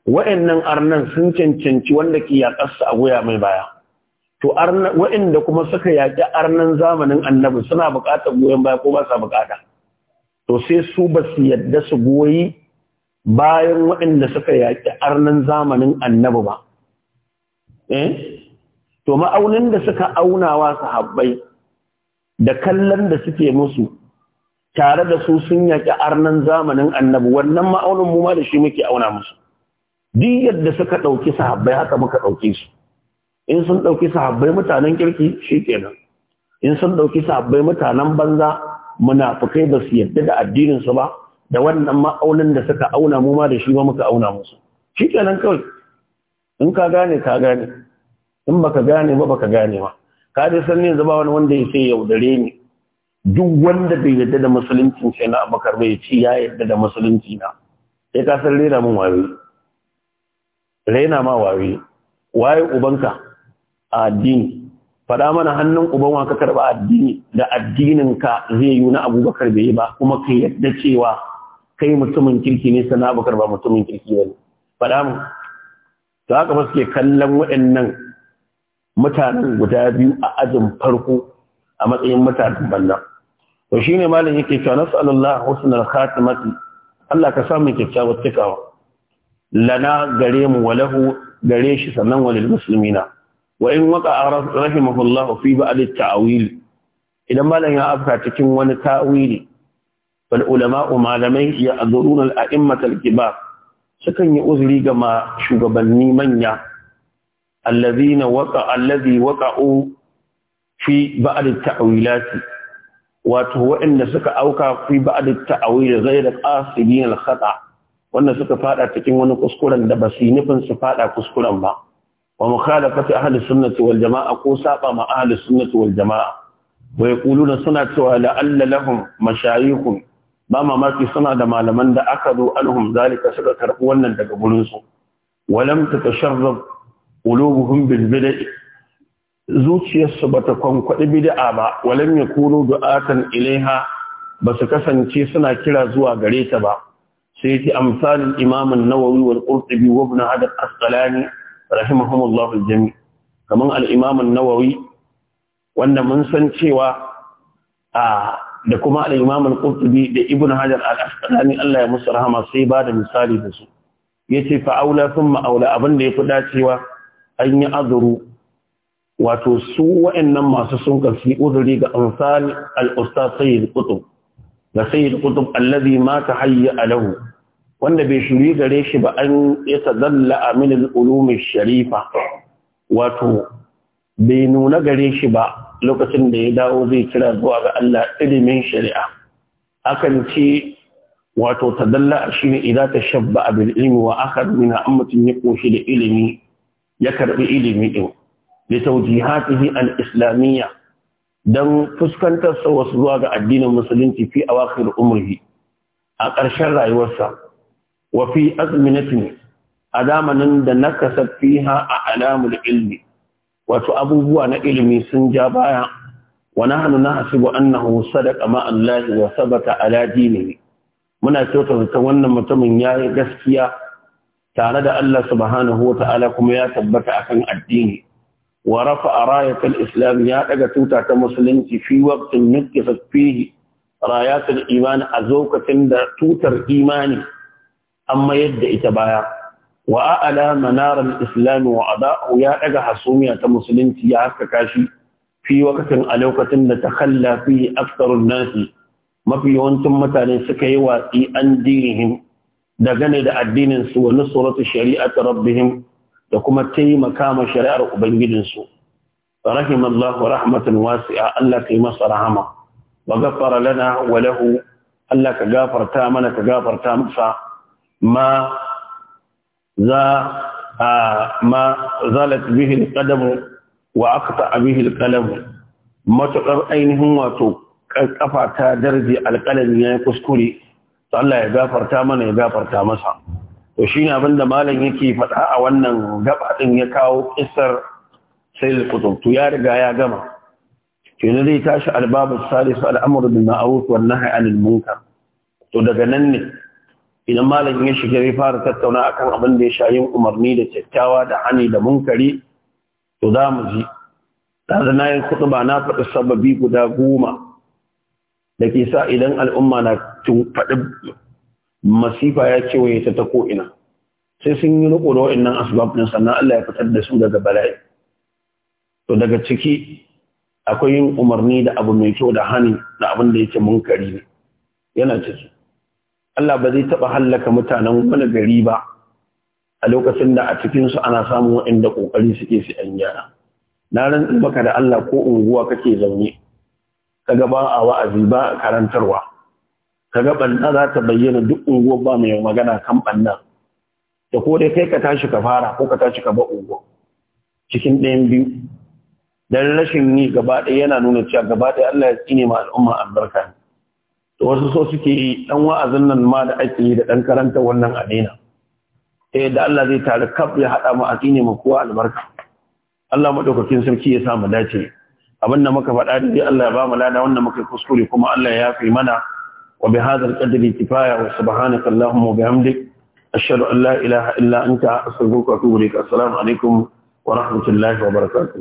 wa'annan arnan sun cancanci wanda ke yaƙarsa a goya mai baya to waɗanda kuma suka yaƙi arnan zamanin annabi suna buƙatar goyon baya ko ba sa buƙata to sai su ba su yadda su goyi bayan waɗanda suka yaƙi arnan zamanin annabi ba eh to ma'aunin da suka aunawa sahabbai da kallon da suke musu tare da su sun yaƙi arnan zamanin annabi wannan ma'aunin mu ma da shi muke auna musu duk yadda suka ɗauki sahabbai haka muka ɗauke su in sun ɗauki sahabbai mutanen kirki shi kenan in sun ɗauki sahabbai mutanen banza munafukai ba su yadda da addininsu ba da wannan ma'aunin da suka auna mu ma da shi ba muka auna musu shi kenan kawai in ka gane ka gane in baka gane ba baka gane ba ka dai san ne zaba wani wanda ya ce yaudare ni duk wanda bai yadda da musulunci sai na abakar bai ci ya yadda da musulunci na sai ka san rena min waye rena ma waye waye ubanka a addini faɗa mana hannun uban wa ka karba addini da addinin ka zai yi na abubakar bai yi ba kuma ka yadda cewa kai mutumin kirki ne sana abubakar ba mutumin kirki ba ne faɗa mu to haka ba suke kallon waɗannan mutanen guda biyu a ajin farko a matsayin mutanen banza to shine malam yake cewa nas'alullah husnul khatimati Allah ka samu kyakkyawar cikawa lana gare mu walahu gare shi sannan walil muslimina Wa'in in waka rahimahullah fi ba'd a tawil idan malam ya afka cikin wani ta'wili bal ulama malamai ya azuruna al-a'immat kiba, sukan yi uzuri ga ma shugabanni manya allazina waqa allazi waqa'u fi ba'd at-ta'wilat wato waɗanda suka auka fi ba'd at-ta'wil ghayr qasidin al-khata wanda suka fada cikin wani kuskuren da ba su nufin su fada kuskuren ba wa mukhalafati ahli sunnati wal jama'a ko saɓa ma ahli sunnati wal jama'a wa yaquluna suna cewa la'alla lahum mashayikhun ba mamaki suna da malaman da aka zo alhum zalika suka karbi wannan daga gurin su walam tatasharrab qulubuhum bil bid'i zuciyarsu bata kwankwadi bid'a ba walam yakunu du'atan ilaiha basu kasance suna kira zuwa gare ta ba sai ti amsalin imam an-nawawi wal qurtubi wa ibn hadar asqalani rahimahumullahu jami kamar al-imam an-nawawi wanda mun san cewa a da kuma al-imam al-qurtubi da ibn hajar al-asqalani Allah ya musu rahama sai ba da misali da su yace fa aula thumma aula abin da yafi dacewa an yi azuru wato su wa'annan masu sun kafi uzuri ga amsal al-ustad sayyid qutb da sayyid qutb alladhi ma tahayya lahu wanda bai shuri gare shi ba an ya tazalla a min al'ulumin sharifa wato bai nuna gare shi ba lokacin da ya dawo zai kira zuwa ga Allah ilimin shari'a akan ce wato tadalla shi ne idan ta shabba bil ilmi wa akhar min ammatin ya koshi da ilimi ya karɓi ilimi din li tawjihatihi al islamiyya dan fuskantar sa wasu zuwa ga addinin musulunci fi awakhir umrihi a ƙarshen rayuwarsa Wafi azminatin a zamanin da nakasa fiha a alamul ilmi wato abubuwa na ilimi sun ja baya wa nahnu nahsibu annahu sadaqa ma Allah wa sabata ala dinihi muna kyautar ta wannan mutumin yayi gaskiya tare da Allah subhanahu ta'ala kuma ya tabbata akan addini wa rafa'a rayatul islam ya daga tuta ta musulunci fi waqtin nakasa fihi rayatul iman a zokacin da tutar imani an mayar da ita baya wa a'ala manaral islam wa ada'u ya daga hasumiya ta musulunci ya haskaka shi fi wakatin a lokacin da ta kalla fi aksarun nasi mafi yawancin mutane suka yi watsi an dinihim da gane da addinin su wa nusratu shari'ati rabbihim da kuma taimaka ma shari'ar ubangijinsu rahimallahu rahmatan wasi'a Allah kai masa rahama wa ghafara lana wa lahu Allah ka gafarta mana ka gafarta masa ma za a ma zalat bihi alqadam wa aqta bihi alqalam matakar ainihin wato ƙafata ta darje alqalam ya kuskure to Allah ya gafarta mana ya gafarta masa to shine abinda malam yake faɗa a wannan gaba din ya kawo kissar sayyid qutb ya riga ya gama kenan zai tashi albabar salis al'amru bil ma'ruf wan nahy anil munkar to daga nan ne idan malamin ya shiga ya fara tattauna akan abin da ya sha yin umarni da kyakkyawa da hani da munkari to za mu ji da na yin ba na faɗi sababi guda goma da ke sa idan al'umma na faɗi masifa ya ce waye ta ko ina sai sun yi riko da wa'annan asbab din sannan Allah ya fitar da su daga bala'i to daga ciki akwai yin umarni da abu mai kyau da hani da abin da yake munkari ne yana ciki Allah ba zai taɓa hallaka mutanen wani gari ba a lokacin da a cikinsu ana samun waɗanda ƙoƙari suke su ‘yan gyara. Na rantsi baka da Allah ko unguwa kake zaune, kaga ba a wa'azi ba a karantarwa, kaga ɓanna za ta bayyana duk unguwa ba mai magana kan ɓanna. Da ko dai kai ka tashi ka fara ko ka tashi ka ba unguwa. Cikin ɗayan biyu, dan rashin yi gaba ɗaya yana nuna cewa gaba ɗaya Allah ya tsine ma al'umma albarka ne. to wasu so suke yi dan wa'azin nan ma da ake yi da dan karanta wannan adina eh da Allah zai tare kaf ya hada mu addini mu kowa albarka Allah madaukakin sarki ya sa mu dace da muka faɗa da Allah ya ba mu lada wannan muka kuskure kuma Allah ya yafi mana wa bi hadha qadri kifaya wa subhanaka allahumma wa bihamdik ashhadu an la ilaha illa anta astaghfiruka wa atubu ilaik assalamu alaikum rahmatullahi wa وبركاته